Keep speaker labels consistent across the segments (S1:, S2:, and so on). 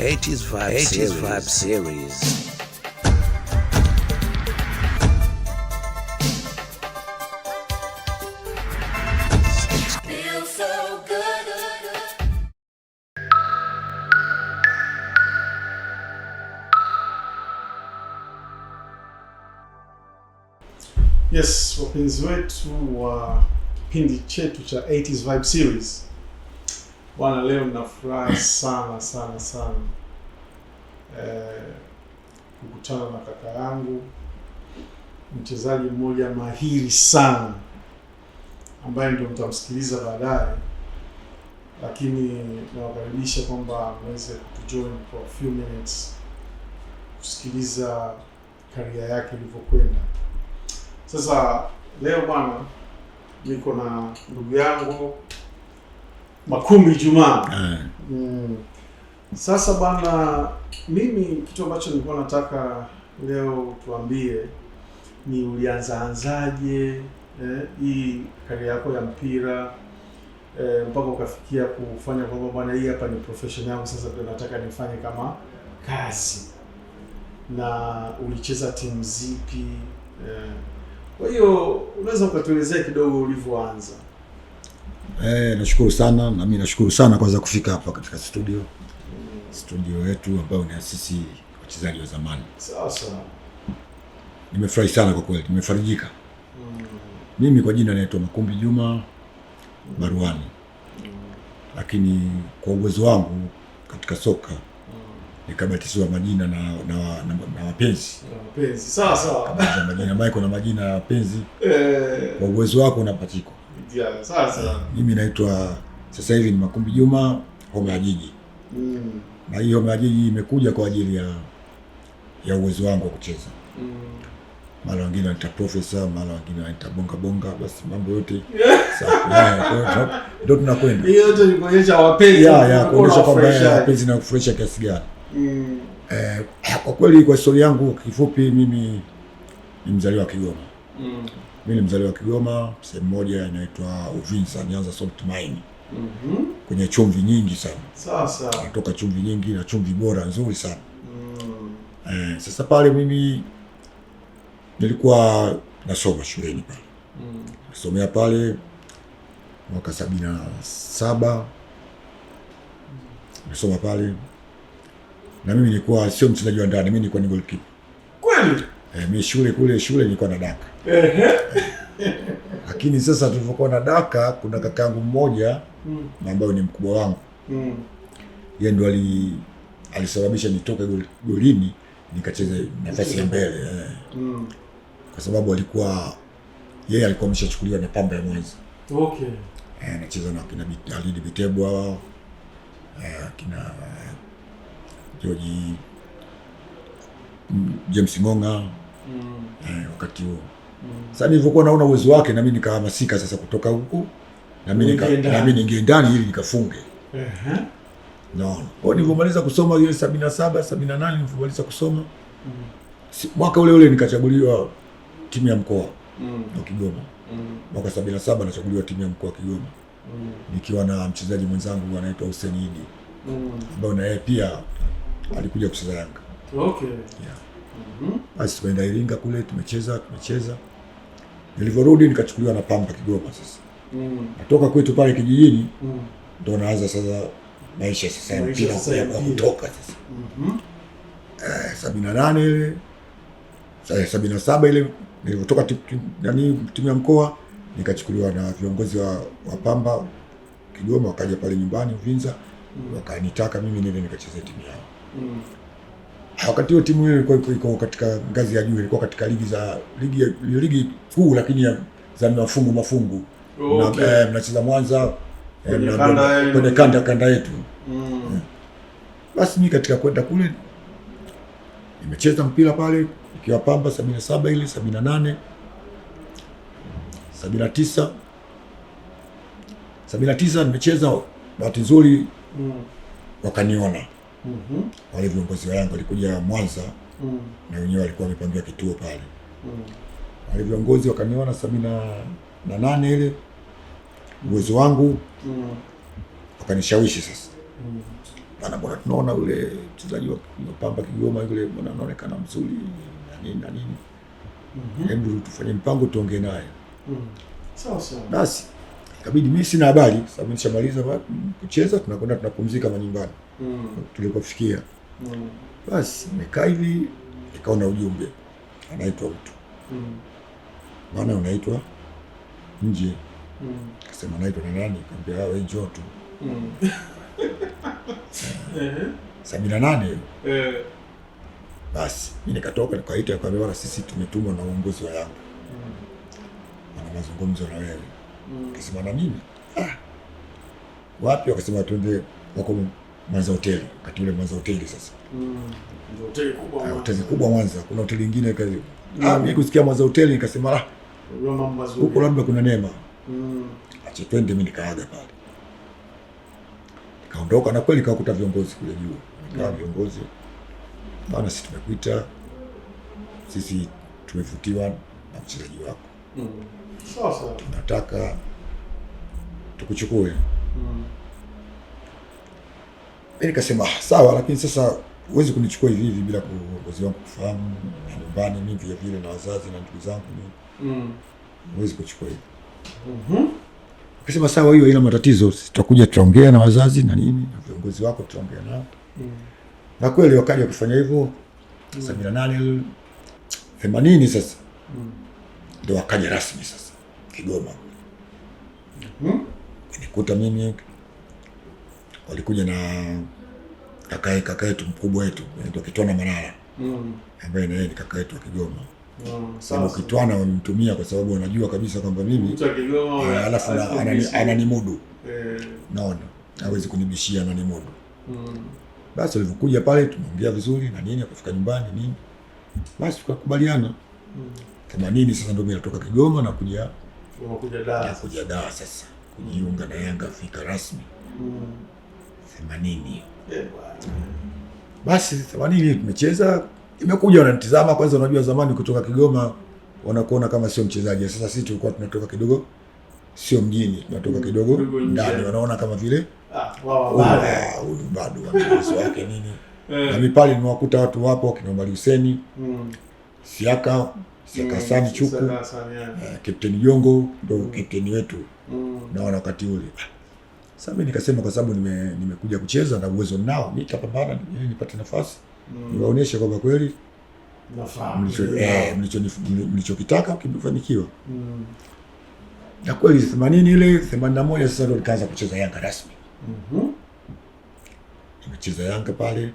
S1: 80s Vibe, 80s series. Vibe series. Yes, wapenzi wetu wa kipindi chetu cha 80s Vibe series Bwana, leo nina furaha sana sana sana eh, kukutana na kaka yangu mchezaji mmoja mahiri sana ambaye ndio mtamsikiliza baadaye, lakini nawakaribisha kwamba mweze kutujoin for a few minutes kusikiliza karia yake ilivyokwenda. Sasa leo bwana, niko na ndugu yangu Makumbi Jumaa. Eh. Mm. Sasa bwana, mimi kitu ambacho nilikuwa nataka leo tuambie ni ulianzaanzaje eh, hii kari yako ya mpira eh, mpaka ukafikia kufanya kwamba bwana, hii hapa ni profession yangu, sasa ndio nataka nifanye kama kazi, na ulicheza timu zipi? Eh? Kwa hiyo unaweza ukatuelezea kidogo ulivyoanza?
S2: Eh, nashukuru sana na mimi nashukuru sana kwanza kufika hapa katika studio studio yetu ambayo ni asisi wachezaji wa zamani. Sasa nimefurahi sana kwa kweli, nimefarijika. Mimi kwa jina naitwa Makumbi Juma Baruani. Lakini kwa uwezo wangu katika soka nikabatizwa majina na na, na, na wapenzi na Sawa majina Michael na majina ya wapenzi eh. Kwa uwezo wako unapatikwa sasa mimi naitwa sasa hivi ni Makumbi Juma Homa ya Jiji mm. na hii Homa ya Jiji imekuja kwa ajili ya ya uwezo wangu wa kucheza mm. mara wengine wanaita profesa, mara wengine wanaita bonga bonga, basi mambo yote ndio tunakwenda kuonyesha kwamba wapenzi na kufurahisha kiasi gani. mm. Eh, Kwa kweli, kwa historia yangu kifupi, mimi ni mzaliwa wa Kigoma mm mimi ni mzaliwa wa Kigoma, sehemu moja inaitwa Uvinza, Nyanza salt mine mm -hmm. kwenye chumvi nyingi sana sasa, natoka chumvi nyingi na chumvi bora nzuri sana mm. Eh, sasa pale mimi nilikuwa nasoma shuleni pale mm. nasomea pale mwaka sabini na saba nasoma pale, na mimi nilikuwa sio mchezaji wa ndani, mimi nilikuwa ni goalkeeper kweli Eh, mi shule kule shule nilikuwa na daka lakini sasa tulivyokuwa na daka, kuna yangu mmoja mm. ambayo ni mkubwa wangu mm. yeye ndo ali alisababisha nitoke golini nikacheze nafasi ya mbele eh. mm. kwa sababu alikuwa yeye alikuwa ameshachukuliwa na Pamba ya Mwanza okay. E, eh, nacheza na kina Alidi Bitebwa eh, kina George mm, James Ngonga mm. eh, wakati huo mm. Sasa nilivyokuwa naona uwezo wake, nami nikahamasika sasa kutoka huku, nami ningie ndani ili nikafunge uh -huh. Naona kwao nilivyomaliza kusoma ile sabini na saba sabini na nane nilivyomaliza kusoma mm. mwaka ule ule nikachaguliwa timu ya mkoa mm. wa Kigoma mm. mwaka sabini na saba nachaguliwa timu ya mkoa wa Kigoma mm. nikiwa na mchezaji mwenzangu anaitwa Hussein Idi mm. ambaye na yeye pia alikuja kucheza Yanga okay. yeah. Mhm. Basi tumeenda Iringa kule tumecheza tumecheza, nilivyorudi nikachukuliwa na Pamba Kigoma. Sasa mm. natoka kwetu pale kijijini, mm. ndo naanza sasa maisha sasa ya mpira kwa kutoka sasa mhm. eh, sabini na nane ile sabini na saba ile nilivyotoka nani timu ya mkoa nikachukuliwa na viongozi wa, wa Pamba Kigoma, wakaja pale nyumbani Uvinza, mm. wakanitaka mimi nile nikachezea timu yao. mm. Wakati hiyo timu hiyo ilikuwa iko katika ngazi ya juu, ilikuwa katika ligi za ligi ligi kuu, lakini ya, za mafungu mafungu. okay. Na eh, mnacheza Mwanza eh, kwenye kanda kanda yetu mm. Eh. Basi mimi katika kwenda kule nimecheza mpira pale ikiwa Pamba sabini na saba ile sabini na nane sabini na tisa sabini na tisa nimecheza, bahati nzuri mm. wakaniona mm -hmm. wale viongozi wa Yanga walikuja Mwanza mm na wenyewe walikuwa wamepangiwa kituo pale mm wale viongozi wakaniona sabini na nane ile uwezo wangu mm wakanishawishi sasa mm bana, bwana, tunaona yule mchezaji wa Pamba Kigoma yule bwana anaonekana mzuri na nini na nini mm -hmm. hebu tufanye mpango tuongee naye mm -hmm. sawa sawa basi Ikabidi mimi sina habari sababu nishamaliza kucheza, tunakwenda tunapumzika manyumbani mm. tulikofikia mm. Basi nikaa hivi nikaona ujumbe anaitwa mtu mm. maana unaitwa nje mm. Kasema naitwa na nani? Kaambia ah, wewe njoo tu mm. sabini na nane eh. Basi mi nikatoka nikaita, kaambia sisi tumetumwa na uongozi wa Yanga mm. ana mazungumzo na wewe mm. Kasema na mimi ah. Wapi? Wakasema tuende wako Mwanza hoteli wakati ule Mwanza hoteli sasa. Mm.
S1: Hoteli kubwa ah, Mwanza.
S2: Hoteli kubwa Mwanza. Kuna hoteli nyingine kazi. Mm. Ah, mimi kusikia Mwanza hoteli nikasema la.
S1: Ah,
S2: huko labda kuna neema. Mm. Acha twende mimi nikaaga pale. Nikaondoka na kweli kakuta viongozi kule juu. Nikawa mm. viongozi. Bana sisi tumekuita. Sisi tumevutiwa na mchezaji wako. Mm. Sasa tunataka tukuchukue. Mm. Nikasema sawa, lakini sasa huwezi kunichukua hivi hivi bila kuongozi wangu kufahamu, nyumbani mimi vile vile na wazazi na ndugu zangu mimi, mm. huwezi kuchukua hivi. Mhm. Nikasema sawa, hiyo ina matatizo, tutakuja tutaongea na wazazi na nini na viongozi wako tutaongea nao. Mm. Na kweli wakaja kufanya hivyo mm. sabini na nane themanini sasa ndio wakaja rasmi sasa Kigoma. Mhm. Nikuta mimi walikuja na kaka kaka yetu mkubwa wetu anaitwa Kitwana Manara mm. ambaye na yeye ni kaka yetu wa Kigoma mm. Sasa yaani Kitwana wamemtumia kwa sababu wanajua kabisa kwamba mimi
S1: Kigoma,
S2: ah, alafu ananimudu eh, naona hawezi kunibishia, ananimudu mm. Basi walivyokuja pale tumeongea vizuri na nini, akafika nyumbani nini, basi tukakubaliana mm. nini Sasa ndio mimi natoka Kigoma na kuja kuja Dar sasa kujiunga na Yanga fika rasmi mm themanini basi themanini hiyo tumecheza, imekuja wananitizama kwanza. Unajua zamani kutoka Kigoma wanakuona kama sio mchezaji. Sasa sisi tulikuwa tunatoka kidogo, sio mjini, tunatoka mm. kidogo ndani, wanaona kama vile ah, huyu bado wanazi wake nini. Eh. Nami pale nimewakuta watu wapo wakina Omari Huseni, mm. Siaka Siaka mm. Sani Chuku, Kapteni eh, Jongo ndo kapteni wetu na wakati ule sasa mimi nikasema kwa sababu nime, nimekuja kucheza na uwezo nao, nitapambana ili nipate nafasi mm. niwaonyeshe kwamba kweli mm. eh, mlichokitaka kimefanikiwa mm. na kweli themanini ile themanini na moja sasa ndo nikaanza kucheza Yanga rasmi mm -hmm. Nimecheza Yanga pale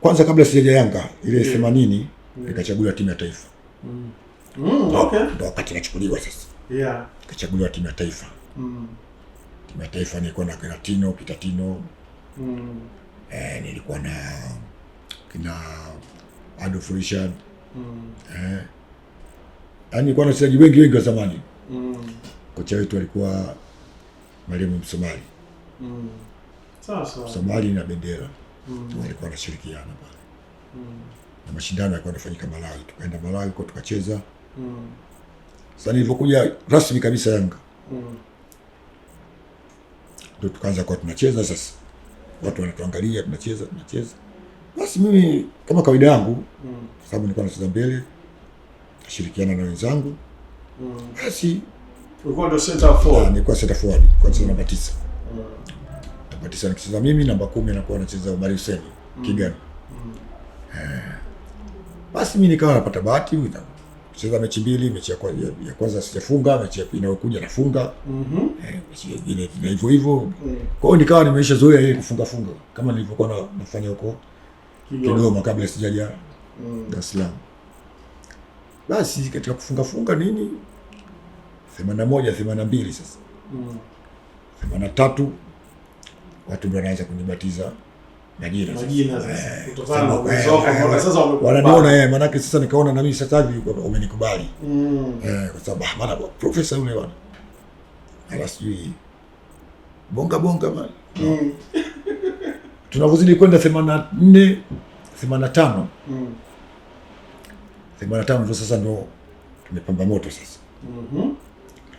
S2: kwanza, kabla sijaja Yanga ile themanini mm. nikachaguliwa timu ya taifa mm.
S1: mm, okay.
S2: Ndo wakati nachukuliwa sasa, yeah. Nikachaguliwa timu ya taifa mm kimataifa nilikuwa na kina Kitatino Pitatino mm. eh, nilikuwa na kina Adolf Richard mm. eh, yani nilikuwa na wachezaji wengi wengi wa zamani mm. kocha wetu alikuwa mwalimu Msomali mm. Somali na Bendera mm. walikuwa anashirikiana pale mm. na mashindano yalikuwa yanafanyika Malawi, tukaenda Malawi huko tukacheza mm. Sasa nilipokuja rasmi kabisa Yanga mm ndio tukaanza kwa tunacheza sasa, watu wanatuangalia tunacheza tunacheza. Basi mimi kama kawaida yangu mm. kwa sababu nilikuwa nacheza mbele, nashirikiana na wenzangu mm.
S1: basi ulikuwa ndio center forward, ah,
S2: nilikuwa center forward kwa sababu namba 9 mm. namba 9 mm. nikicheza mimi, namba 10 anakuwa anacheza Omar Hussein mm. Kigani mm. eh, basi mimi nikawa napata bahati Cheza mechi mbili, mechi ya kwanza, ya kwanza sijafunga, mechi inayokuja nafunga. Mhm. Mm Eh, mechi nyingine na hivyo hivyo. Eh. Kwa hiyo nikawa nimeisha zoea ile kufunga funga kama nilivyokuwa nafanya huko Kigoma kabla sijaja mm. Dar es Salaam. Basi katika kufunga funga nini? 81 82 sasa. Mhm. 83 watu ndio wanaanza kunibatiza majira
S1: eh, eh,
S2: wananiona, maanake sasa nikaona umenikubali mm. eh, kwa sababu ah, maana profesa yule bwana ala sijui bonga bonga mm. tunavyozidi kwenda themanini na nne mm. themanini na tano themanini na tano ndo sasa ndo tumepamba moto sasa mm-hmm.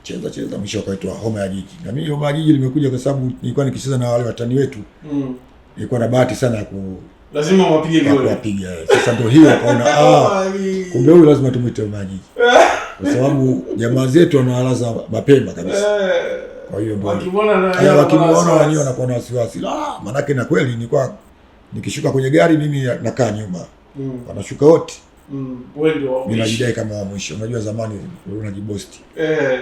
S2: cheza cheza, mwisho wakaitwa homa ya jiji, na mimi homa ya jiji limekuja kwa sababu nilikuwa nikicheza na wale watani wetu mm ilikuwa na bahati sana ya ku
S1: lazima wapige
S2: goli wapiga. Sasa ndio hiyo kaona, ah, kumbe huyu lazima tumwite maji, kwa sababu jamaa zetu wanawalaza mapema kabisa. Eh.
S1: Kwa hiyo ndio wakimwona
S2: yaani wenyewe wanakuwa na wasiwasi, la manake. Na kweli kwa nikishuka kwenye gari mimi nakaa nyuma, mm. wanashuka wote,
S1: mimi
S2: najidai kama wa mwisho. Unajua zamani unajibosti eh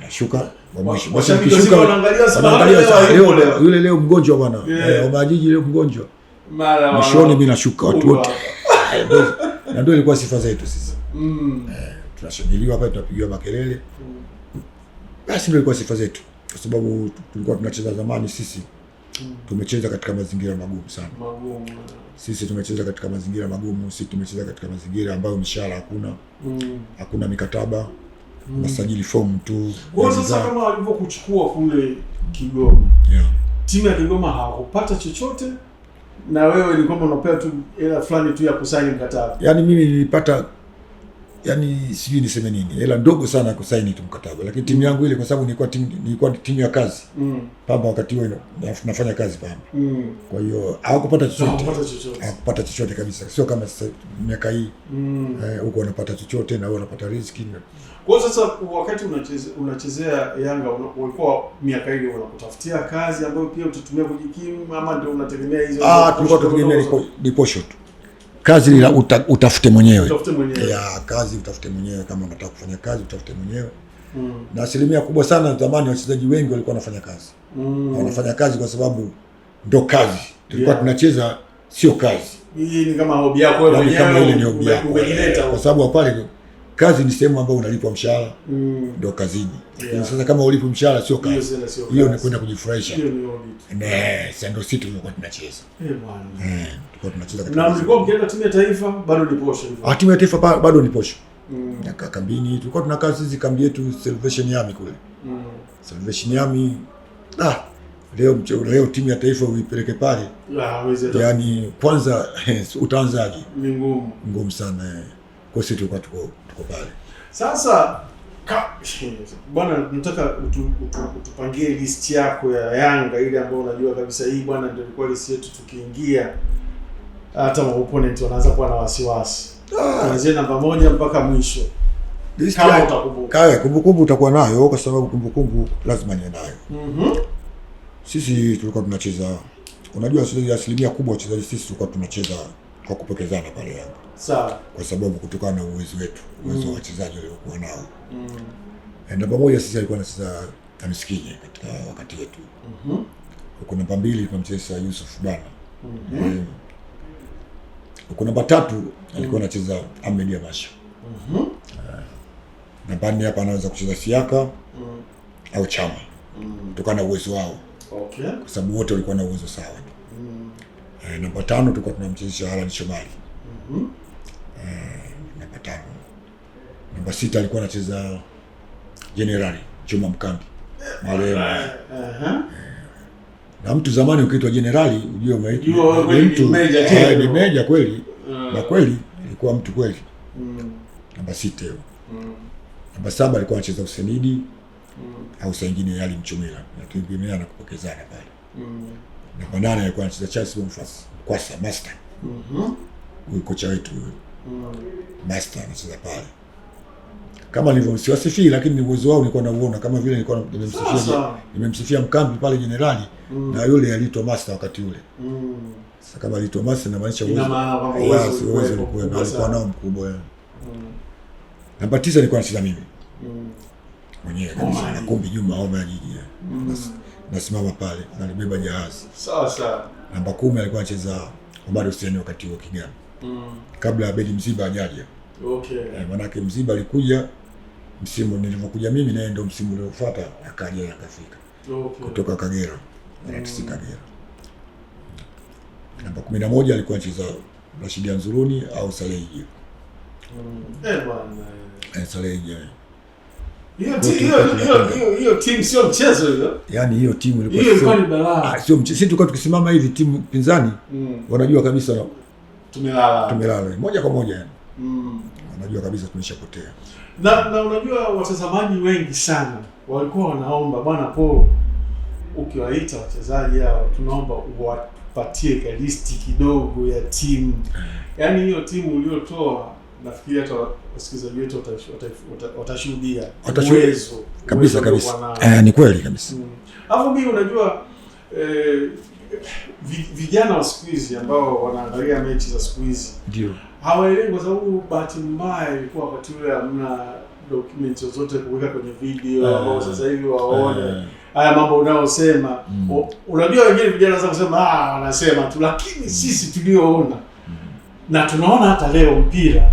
S2: Nashuka yule leo mgonjwa bwana Obajiji, eh, leo mgonjwa mwishoni, mi nashuka watu wote, eh, na ndio ilikuwa sifa zetu sisi. Mm. Eh, Tunashangiliwa hapa, tunapigiwa makelele, basi ndio ilikuwa sifa zetu, kwa sababu tulikuwa tunacheza zamani sisi tumecheza katika mazingira magumu sana magumu. Sisi tumecheza katika mazingira magumu, sisi tumecheza katika mazingira ambayo mishahara hakuna, mm. hakuna mikataba unasajili mm. fomu tu.
S1: Sasa kama walivyokuchukua kule Kigoma, yeah. timu ya Kigoma hawakupata chochote na wewe ni kwamba unapewa tu hela fulani tu ya kusaini mkataba.
S2: Yaani mimi nilipata yani sijui niseme nini, hela ndogo sana ya kusaini tu mkataba, lakini timu mm. yangu ile, kwa sababu nilikuwa timu nilikuwa timu ya kazi mm. Pamba wakati huo nafanya kazi Pamba mm. Kwa hiyo hawakupata chochote, hawakupata chochote kabisa, sio kama sasa miaka hii mm. Eh, huko Eh, wanapata chochote na wao wanapata riziki
S1: kwa hiyo sasa, wakati unacheze, unachezea Yanga ulikuwa miaka ile unakutafutia kazi ambayo pia utatumia kujikimu ama ndio unategemea
S2: hizo? Ah, tulikuwa tunategemea diposho tu kazi ila uta, utafute mwenyewe,
S1: utafute mwenyewe.
S2: Ya, kazi utafute mwenyewe kama unataka kufanya kazi utafute mwenyewe mm. Na asilimia kubwa sana zamani wachezaji wengi walikuwa wanafanya kazi mm. Wanafanya kazi kwa sababu ndo kazi tulikuwa yeah. Tunacheza sio kazi,
S1: hii ni kama hobi yako
S2: wewe yaani mwenyewe, kama ile ni hobi yako, kwa sababu pale kazi ni sehemu ambayo unalipwa mshahara mm. Ndo kazini yeah. Sasa kama ulipo mshahara sio kazi hiyo, ni kwenda kujifurahisha. Ndo sisi tulikuwa tunacheza eh eh bwana
S1: tulikuwa tunacheza na mlikuwa mkienda timu ya taifa
S2: bado ni posho mm. Kambini tulikuwa tuna kazi hizi, kambi yetu Salvation Army kule mm. Salvation Army ah, leo mcheo leo timu ya taifa uipeleke pale yani kwanza utaanzaje? Ni ngumu ngumu sana, eh. kwa sisi tulikuwa tuko yako
S1: Sasa bwana, nataka utupangie utu, list yako ya Yanga ile ambayo unajua kabisa hii bwana ndio ilikuwa list yetu, tukiingia hata ma opponent wanaanza kuwa na wasiwasi ah. kuanzia namba moja mpaka mwisho.
S2: Kaya kumbukumbu utakuwa nayo, kwa sababu kumbukumbu lazima niwe nayo. mm -hmm. Sisi tulikuwa tunacheza, unajua asilimia kubwa wachezaji sisi tulikuwa tunacheza hakupokezana pale Yanga sawa, kwa sababu kutokana na uwezo wetu, uwezo wa mm. wachezaji waliokuwa nao mm. na pamoja, sisi alikuwa anacheza Tamiskije katika wakati wetu Mhm. huko. Namba mbili wa Yusuf Bana Mhm. huko. Mm. Namba tatu alikuwa anacheza Ahmed Yamasha. Mhm. Ah. Namba nne hapa anaweza kucheza Siaka Mhm. au Chama Mhm. kutokana na uwezo wao, Okay. kwa sababu wote walikuwa na uwezo sawa. E, namba tano tulikuwa tunamchezesha Alan Shomari. Mhm. Mm e, namba tano. Namba sita alikuwa anacheza Generali Juma Mkambi. Marehemu. Eh, aha. Uh -huh. Na mtu zamani ukiitwa Generali ujue umeitwa mtu meja Ni meja kweli. Na kweli ilikuwa mtu kweli. Mm. Namba sita hiyo. Mm. Namba saba alikuwa anacheza Usenidi. Mm. Au saa nyingine yali Mchumila. Lakini na anakupokezana pale. Mm namba kwa nane alikuwa anacheza Chelsea Mkwasa Master, mhm. huyu kocha wetu huyu mm. Master anacheza pale kama nilivyo siwasifii, lakini uwezo wao nilikuwa nauona, kama vile nilikuwa nimemsifia nimemsifia mkambi pale jenerali mm. na yule aliitwa Master wakati ule mm. Sasa kama aliitwa Master inamaanisha uwezo uwezo ulikuwa alikuwa nao mkubwa yani. Mm. Namba tisa nilikuwa nacheza mimi mm. mwenyewe kabisa na kumbi Juma au maana jiji nasimama pale, nalibeba jahazi sawa sawa. Namba kumi alikuwa anacheza Omar Hussein wakati huo Kigamba, mm. kabla ya Bedi Mziba hajaja. Okay. E, manake Mziba alikuja msimu nilivyokuja mimi, naye ndio msimu uliofuata akaja akafika. Okay. kutoka Kagera natisi mm. Kagera. Namba kumi na moja alikuwa anacheza Rashidi Anzuruni au Salehi Jibu
S1: mm. eh, bwana
S2: eh, Salehi Jibu
S1: hiyo timu sio mchezo hiyo.
S2: Yaani hiyo timu
S1: ilikuwa hiyo ilikuwa ni balaa.
S2: Ah, sio mchezo. Sisi tulikuwa tukisimama hivi timu pinzani mm. wanajua kabisa tumelala. Tumelala. Moja kwa moja yani. Mm. Wanajua kabisa tumeshapotea.
S1: Na, na unajua watazamaji wengi sana walikuwa wanaomba bwana Paul ukiwaita wachezaji hao tunaomba uwapatie listi kidogo ya timu. Eh. Yaani hiyo timu uliotoa nafikiri hata wasikilizaji wetu watashuhudia
S2: uwezo kabisa kabisa. Eh, ni kweli kabisa. Mm.
S1: Alafu mimi unajua eh, vijana wa siku hizi ambao wanaangalia mechi za siku hizi ndio hawaelewi, kwa sababu bahati mbaya ilikuwa wakati ule hamna documents zozote kuweka kwenye video eh, ambao sasa hivi waone eh. haya mambo unayosema. Mm. Unajua wengine vijana sasa kusema ah, wanasema tu, lakini sisi tulioona mm. na tunaona hata leo mpira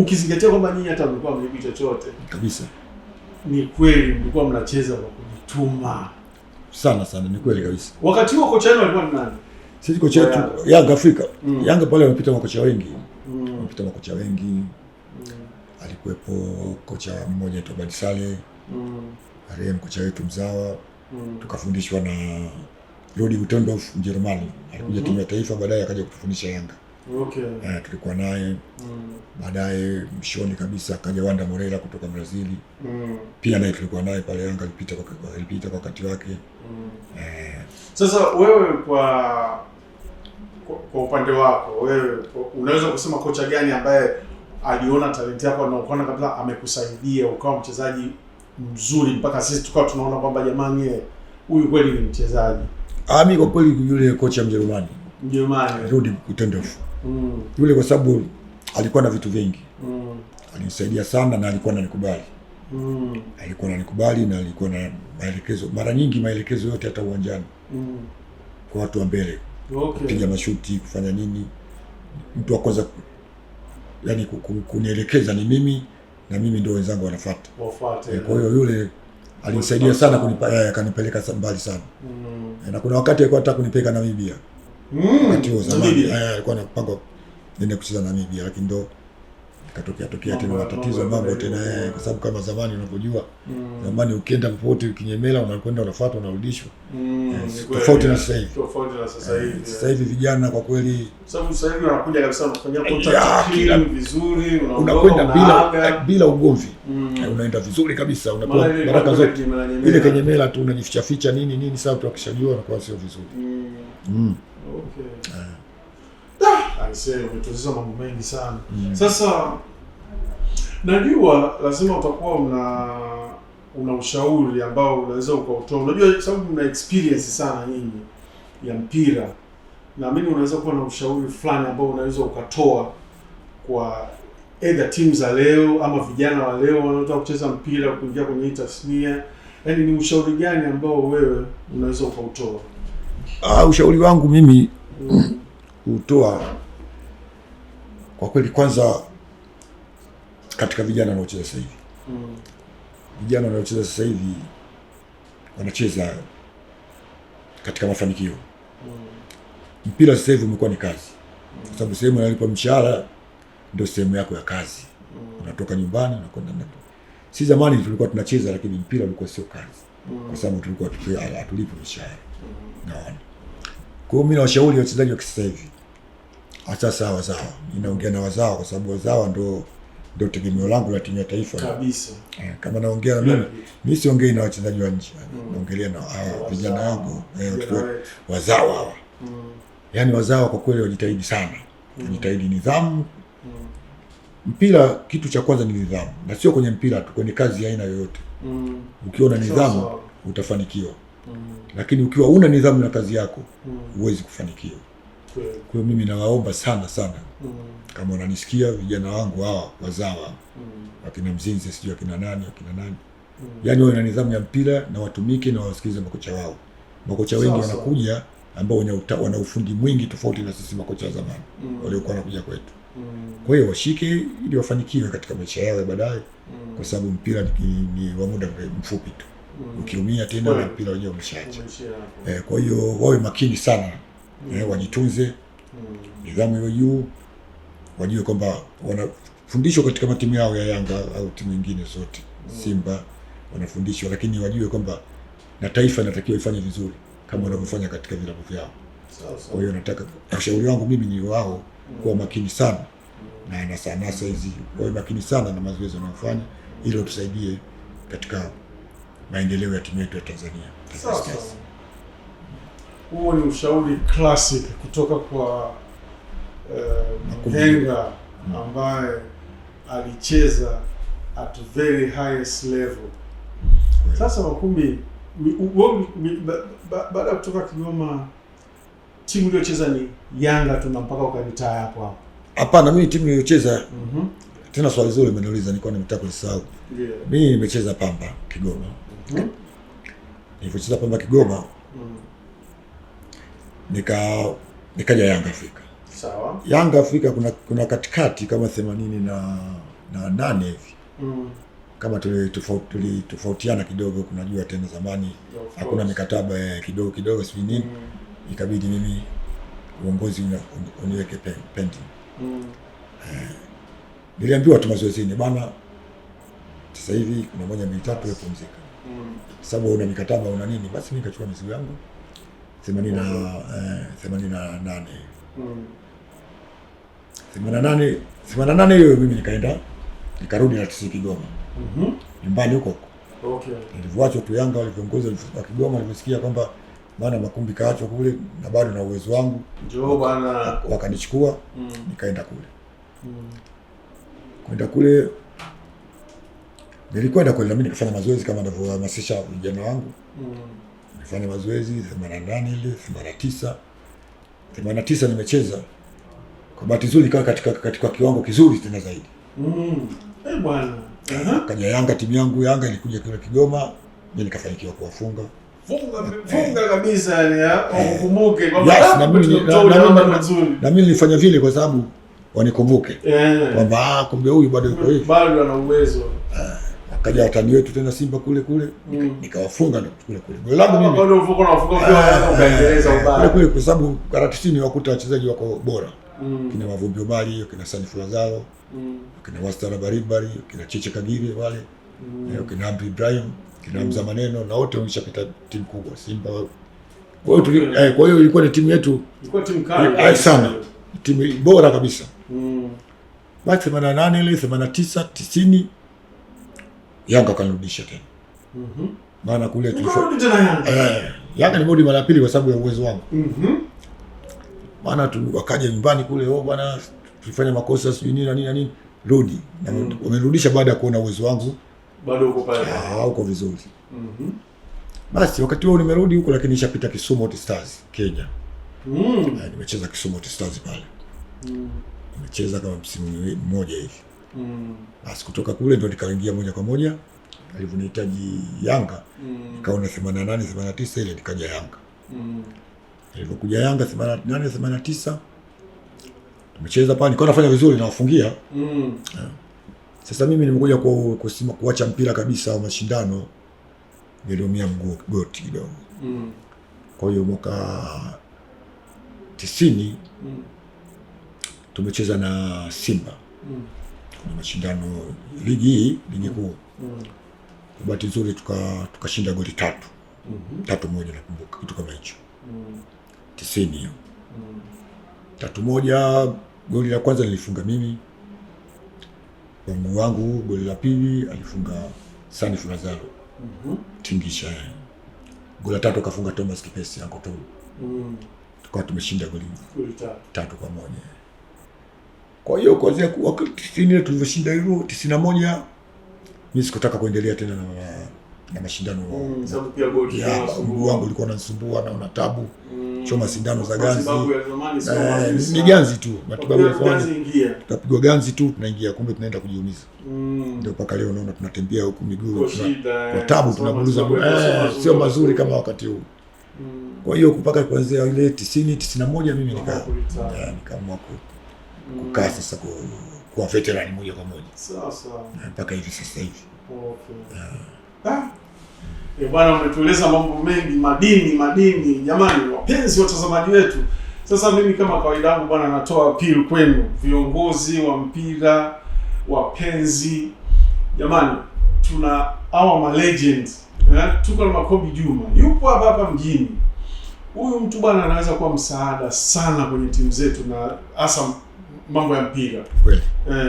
S1: ukizingatia kwamba nyinyi hata mlikuwa mlipi chochote kabisa. Ni kweli mlikuwa mnacheza kwa kujituma
S2: sana sana, ni kweli kabisa.
S1: Wakati huo kocha wenu alikuwa ni nani?
S2: Sisi kocha wetu Yanga Afrika mm. Yanga pale wamepita makocha wengi mm. wamepita makocha wengi mm. alikuwepo kocha mmoja tu Badi Sale mm. Arem, kocha wetu mzawa mm. tukafundishwa na Rudi Utondof Mjerumani alikuja mm -hmm. timu ya taifa baadaye akaja kutufundisha Yanga mm okay. Eh, tulikuwa naye mm. Baadaye mshoni kabisa akaja Wanda Morera kutoka Brazili mm. pia naye tulikuwa naye pale Yanga, alipita kwa alipita kwa wakati wake mm.
S1: eh. Sasa wewe kwa kwa upande wako wewe unaweza kusema kocha gani ambaye aliona talenti yako na ukaona kabisa amekusaidia ukawa mchezaji mzuri mpaka sisi tukawa tunaona kwamba jamani, huyu kweli ni mchezaji?
S2: Ah, mimi kwa kweli yule kocha Mjerumani, Mjerumani Rudi Kutendorf mm. Yule kwa sababu alikuwa na vitu vingi mm. alinisaidia sana na alikuwa ananikubali mm. alikuwa ananikubali na alikuwa na maelekezo, mara nyingi maelekezo yote hata uwanjani mm. kwa watu wa mbele okay. kupiga mashuti, kufanya nini, mtu wa kwanza yani kunielekeza ni mimi na mimi ndio wenzangu wanafuata. E, kwa hiyo yule alinisaidia sana kunipa, eh, akanipeleka mbali sana mm. E, na kuna wakati alikuwa anataka kunipeleka Namibia Mm. wakati huo zamani alikuwa na mpango nenda kucheza Namibia, lakini ndo katokea tokea tena matatizo mambo tena, kwa sababu kama zamani unavyojua, mm. zamani ukienda popote ukinyemela, unakwenda unafuata, unarudishwa, mm, eh, tofauti na sasa hivi. Eh, sasa hivi eh. vijana kwa kweli,
S1: sababu sasa hivi wanakuja kabisa, wanafanyia contact vizuri,
S2: unakwenda bila bila ugomvi, unaenda vizuri kabisa,
S1: unapewa baraka zote.
S2: Ile kenyemela tu unajificha ficha nini nini, sasa tukishajua na sio vizuri
S1: umetuzeza mambo mengi sana mm. Sasa najua lazima utakuwa una una ushauri ambao unaweza ukautoa, unajua sababu mna experience sana nyinyi ya mpira, naamini unaweza kuwa na ushauri fulani ambao unaweza ukatoa kwa either timu za leo ama vijana wa leo wanaotaka kucheza mpira kuingia kwenye hii tasnia, yaani ni ushauri gani ambao wewe unaweza ukautoa?
S2: Ah, ushauri wangu mimi mm. utoa kwa kweli, kwanza katika vijana wanaocheza sasa hivi mm. vijana wanaocheza sasa hivi wanacheza katika mafanikio mm. Mpira sasa hivi umekuwa ni kazi mm. kwa sababu sehemu yanalipa mshahara ndio sehemu yako ya kazi mm. unatoka nyumbani unakwenda na si zamani tulikuwa tunacheza, lakini mpira ulikuwa sio kazi mm. kwa sababu tulikuwa hatulipi mshahara mm. naona. Kwa hiyo mimi nawashauri wachezaji wa kisasa hivi hasa sawa wazawa, ninaongea na wazawa kwa sababu wazawa ndo ndio tegemeo langu la timu ya taifa kabisa. Eh, kama naongea na mimi, mimi siongei na wachezaji wa nje, mm. naongelea na hao vijana wangu eh, wazawa hawa. Mm. Yaani wazawa kwa kweli wajitahidi sana, mm. wajitahidi nidhamu. mm. Mpira kitu cha kwanza ni nidhamu, na sio kwenye mpira tu, kwenye kazi ya aina yoyote. mm. Ukiwa na nidhamu utafanikiwa, mm. lakini ukiwa una nidhamu na kazi yako mm. huwezi mm. kufanikiwa. Kwa hiyo mimi nawaomba sana sana mm. kama unanisikia vijana wangu hawa wazawa mm. wakina Mzinze sijui wakina nani wakina nani mm. yaani wawe na nidhamu ya mpira na watumike na wasikilize makocha wao. Makocha wengi wanakuja ambao wana ufundi mwingi tofauti na sisi makocha wa zamani mm. waliokuwa wanakuja kwetu mm. kwa hiyo washike ili wafanikiwe katika maisha yao baadaye mm. kwa sababu mpira ni wa muda mfupi tu mm. ukiumia tena na mpira wenyewe umeshaacha. Eh, kwa hiyo wawe makini sana mm. eh, wajitunze mm. nidhamu iwe juu, wajue kwamba wanafundishwa katika matimu yao ya Yanga au timu nyingine zote mm. Simba wanafundishwa, lakini wajue kwamba na taifa inatakiwa ifanye vizuri kama wanavyofanya katika vilabu vyao. Kwa hiyo nataka ushauri wangu mimi ni wao mm. kuwa makini sana mm. na na saizi wawe makini sana na mazoezi wanayofanya ili watusaidie katika maendeleo ya timu yetu ya Tanzania
S1: huo ni ushauri classic kutoka kwa eh, mhenga mm. ambaye alicheza at very highest level. Sasa Makumbi, baada ya kutoka Kigoma timu iliyocheza ni Yanga tu na mpaka ukanitaa hapo hapo?
S2: Hapana, mimi timu niliyocheza mm -hmm. tena swali zuri umeniuliza, nilikuwa nimetaka kusahau. yeah. mimi nimecheza Pamba Kigoma. mm -hmm. nilipocheza Pamba Kigoma mm -hmm nika nikaja Yanga Afrika. Sawa. Yanga Afrika kuna, kuna katikati kama themanini na na nane hivi mm. Kama tulitofautiana kidogo, kunajua tena zamani hakuna mikataba ya kidogo kidogo sijui nini mm. Ikabidi mimi uongozi uniweke un, pending mm. Eh, niliambiwa tu mazoezini bana, sasa hivi kuna moja mbili tatu, pumzika mm. Sababu una mikataba una nini, basi mimi nikachukua mizigo yangu themanini na eh, themanini mm. nane themanini na mimi nikaenda nikarudi na tisi Kigoma mhm. nyumbani huko okay. Nilivyoachwa tu Yanga waliviongozi wa Kigoma walivyosikia kwamba bwana Makumbi kaachwa kule na bado na uwezo wangu,
S1: njoo bwana,
S2: wakanichukua mm. nikaenda kule mm. kwenda kule nilikwenda kweli, nami nikafanya mazoezi kama navyohamasisha vijana wangu mm fanya mazoezi 88 ile 89 tisa nimecheza kwa bahati nzuri nikawa katika, katika kiwango kizuri tena zaidi mm. Eh bwana uh-huh. kaja Yanga, timu yangu Yanga ilikuja kule Kigoma, mimi nikafanikiwa kuwafunga na mimi nilifanya vile kwa sababu wanikumbuke eh. kwamba ah, kumbe huyu bado yuko
S1: hivi, bado ana uwezo
S2: akaja watani wetu tena Simba kule kule mm. nikawafunga na kule kule goli langu mimi eh,
S1: eh, eh,
S2: kule kule, kwa sababu kara tisini wakuta wachezaji wako bora mm. kina Mavumbi Omari, kina Sani Fulazaro mm. kina Wastara Baribari, kina Cheche Kagire wale mm. kina Amri Ibrahim kina Hamza mm. Maneno na wote walishapita timu kubwa Simba. Kwa hiyo mm. eh, kwa hiyo ilikuwa ni timu yetu, ilikuwa timu kali sana, timu bora kabisa mm. basi 88 ile tisa tisini Yanga wakanirudisha tena
S1: Mhm. maana -hmm. kule
S2: eh, Yanga nirudi mara pili kwa sababu ya uwezo wangu Mhm. maana tu wakaja nyumbani kule, oh bwana, tulifanya makosa sijui nini na nini na nini, rudi na mm. wamerudisha baada ya kuona uwezo wangu bado uko pale, ah, uko vizuri Mhm. Basi wakati huo nimerudi huko, lakini nishapita Kisumu Hot Stars Kenya Mhm. Nimecheza Kisumu Hot Stars pale Mhm. Nimecheza kama msimu mmoja hivi Mm. Basi kutoka kule ndo nikaingia moja kwa moja alivyonihitaji Yanga mm. nikaona 88 89 ile nikaja Yanga mm. Nilipokuja Yanga 88 89 tumecheza pale, nikaona nafanya vizuri na wafungia mm. yeah. Sasa mimi nimekuja kwa kusema kuacha mpira kabisa wa mashindano, niliumia mguu goti kidogo mm. Kwa hiyo mwaka tisini mm. tumecheza na Simba mm kwenye mashindano ligi hii ligi kuu mm. Bahati nzuri tukashinda tuka goli tatu mm -hmm. tatu moja nakumbuka kitu kama hicho mm. tisini hiyo mm. tatu moja. Goli la kwanza nilifunga mimi wangu wangu, goli la pili alifunga Sani Furazalo mm -hmm. tingisha eh. goli la tatu akafunga Thomas Kipesi ankoto mm. tukawa tumeshinda goli tatu kwa moja. Kwa hiyo kuanzia tisini tulivyoshinda hilo tisini na moja mi sikutaka kuendelea tena na, na mashindano mm, mguu wangu ulikuwa unanisumbua na unatabu mm, choma sindano za ganzi eh, ni ganzi tu,
S1: matibabu ya zamani
S2: tutapigwa ganzi tu tunaingia, kumbe tunaenda kujiumiza. Mm. Ndio mpaka leo naona tunatembea huku miguu kwa eh, tabu, tunaburuza eh, sio mazuri kama wakati huu. Mm. Kwa hiyo mpaka kuanzia ile tisini tisini na moja mimi nikaamua kukaa sasa kuwa veterani moja kwa moja mpaka hivi sasa hivi.
S1: E, bwana umetueleza mambo mengi, madini madini. Jamani wapenzi watazamaji wetu, sasa mimi kama kawaida yangu bwana, natoa appeal kwenu viongozi wa mpira, wapenzi. Jamani, tuna hawa ma legend eh, tuko na Makobi Juma yupo hapa hapa mjini. Huyu mtu bwana anaweza kuwa msaada sana kwenye timu zetu na hasa mambo ya mpira eh,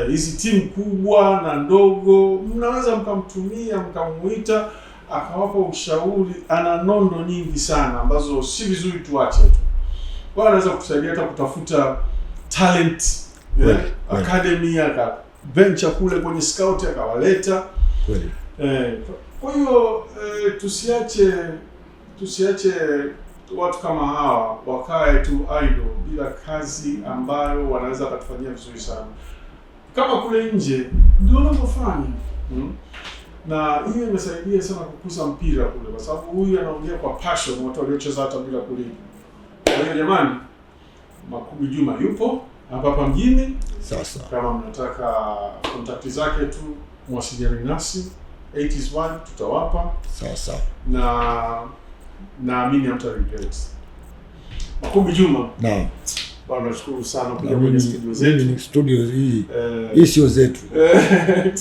S1: hizi eh, timu kubwa na ndogo, mnaweza mkamtumia mkamuita akawapa ushauri. Ana nondo nyingi sana ambazo si vizuri tuache tu, kwa anaweza kusaidia hata kutafuta talent eh, academy aka venture kule kwenye scout akawaleta. Eh, kwa hiyo eh, tusiache tusiache watu kama hawa wakae tu idle bila kazi ambayo wanaweza wakatufanyia vizuri sana kama kule nje ndio wanavyofanya hmm? na hiyo imesaidia sana kukuza mpira kule, kwa sababu huyu anaongea kwa passion, watu waliocheza hata bila kulipa. Kwa hiyo jamani, Makubi Juma yupo hapa hapa mjini. Sasa kama mnataka kontakti zake tu mwasiliane nasi 81 tutawapa. Sasa na naamini hata regret. Makumbi Juma, naam bwana, nashukuru sana kuja kwenye studio
S2: zetu. Ni studio hii eh. hii, sio zetu eh.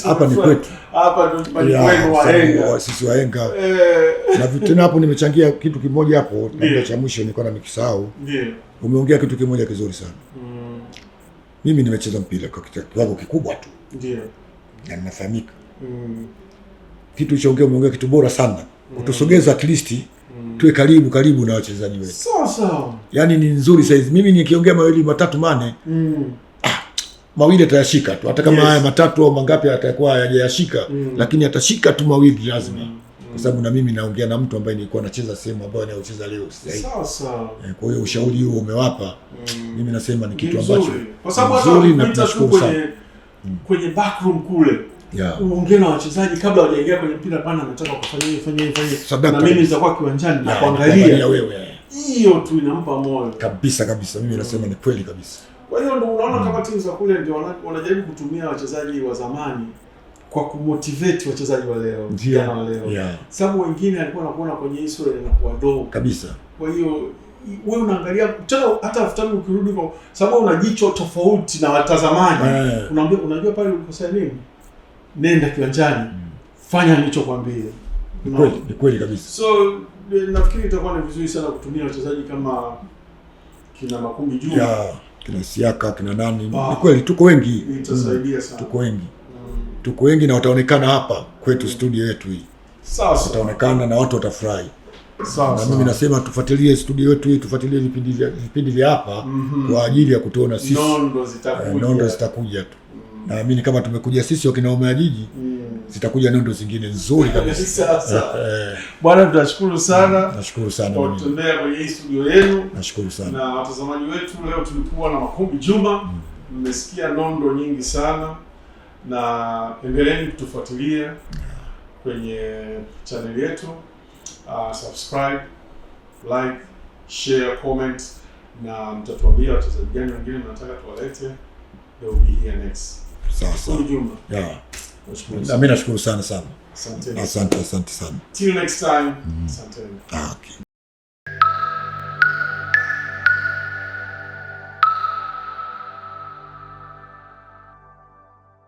S2: hapa, ni kwetu
S1: hapa, ni ndio
S2: wahenga sisi, wahenga eh. na vitena hapo. Nimechangia kitu kimoja hapo na cha mwisho nilikuwa na nimekisahau. Ndio umeongea kitu kimoja kizuri sana mm. Mimi nimecheza mpira kwa kiwango kikubwa tu, ndio na ninafahamika mm. Kitu ulichoongea umeongea kitu bora sana Mm. kutusogeza at least Mm. tuwe karibu karibu na wachezaji wetu
S1: sawa sawa.
S2: Yani ni nzuri size. mimi nikiongea mawili matatu mane mm. ah, mawili atayashika tu hata kama yes. haya matatu au mangapi atakuwa hayajashika mm. lakini atashika tu mawili lazima mm. kwa sababu na mimi naongea na mtu ambaye nilikuwa nacheza sehemu ambayo anayocheza leo
S1: sasa. Sawa sawa.
S2: Eh, kwa hiyo ushauri huo umewapa mm. mimi nasema ni kitu ambacho
S1: kwa sababu hata kwenye, kwenye backroom kule
S2: yeah. Uongee
S1: na wachezaji kabla hawajaingia kwenye mpira, pana anataka kufanya hiyo fanya hiyo fanya, na mimi nitakuwa kiwanjani
S2: na kuangalia
S1: wewe, hiyo tu inampa moyo
S2: kabisa kabisa. Mimi nasema ni kweli kabisa.
S1: Kwa hiyo ndio unaona mm. kama timu za kule ndio wanajaribu kutumia wachezaji wa zamani kwa kumotivate wachezaji wa leo,
S2: vijana wa leo
S1: yeah. Sababu wengine alikuwa anakuona kwenye hii sura inakuwa dogo kabisa, kwa hiyo wewe unaangalia tena hata afutani ukirudi, kwa sababu una jicho tofauti na watazamaji eh. Unaambia, unajua pale ulikosea nini nenda kiwanjani, fanya nilichokwambia.
S2: Ni kweli kabisa. So
S1: nafikiri itakuwa ni vizuri sana kutumia wachezaji kama kina makumi juu ya
S2: kina Siaka kina nani. Ni ah. kweli tuko wengi, itasaidia sana, tuko wengi mm, tuko wengi na wataonekana hapa kwetu mm. studio yetu hii, sasa wataonekana na watu watafurahi. Sasa mimi nasema tufuatilie studio yetu hii, tufuatilie vipindi vya vipindi vya hapa mm -hmm. kwa ajili ya kutuona sisi, zitakuja eh, nondo zitakuja tu naamini kama tumekuja sisi wakinaume wa jiji mm. zitakuja nondo zingine nzuri kabisa.
S1: Eh, eh. Bwana, tunashukuru sana, mm,
S2: nashukuru sana kwa
S1: kutembea kwenye hii studio yenu, nashukuru sana na watazamaji wetu. Leo tulikuwa na Makumbi Juma, mm. mmesikia mm. nondo nyingi sana, na endeleeni kutufuatilia kwenye chaneli yetu. Uh, subscribe, like, share, comment na mtatuambia wachezaji gani wengine mnataka tuwalete. They will be here next.
S2: Nami nashukuru sana sana, asante asante sana.
S1: Till next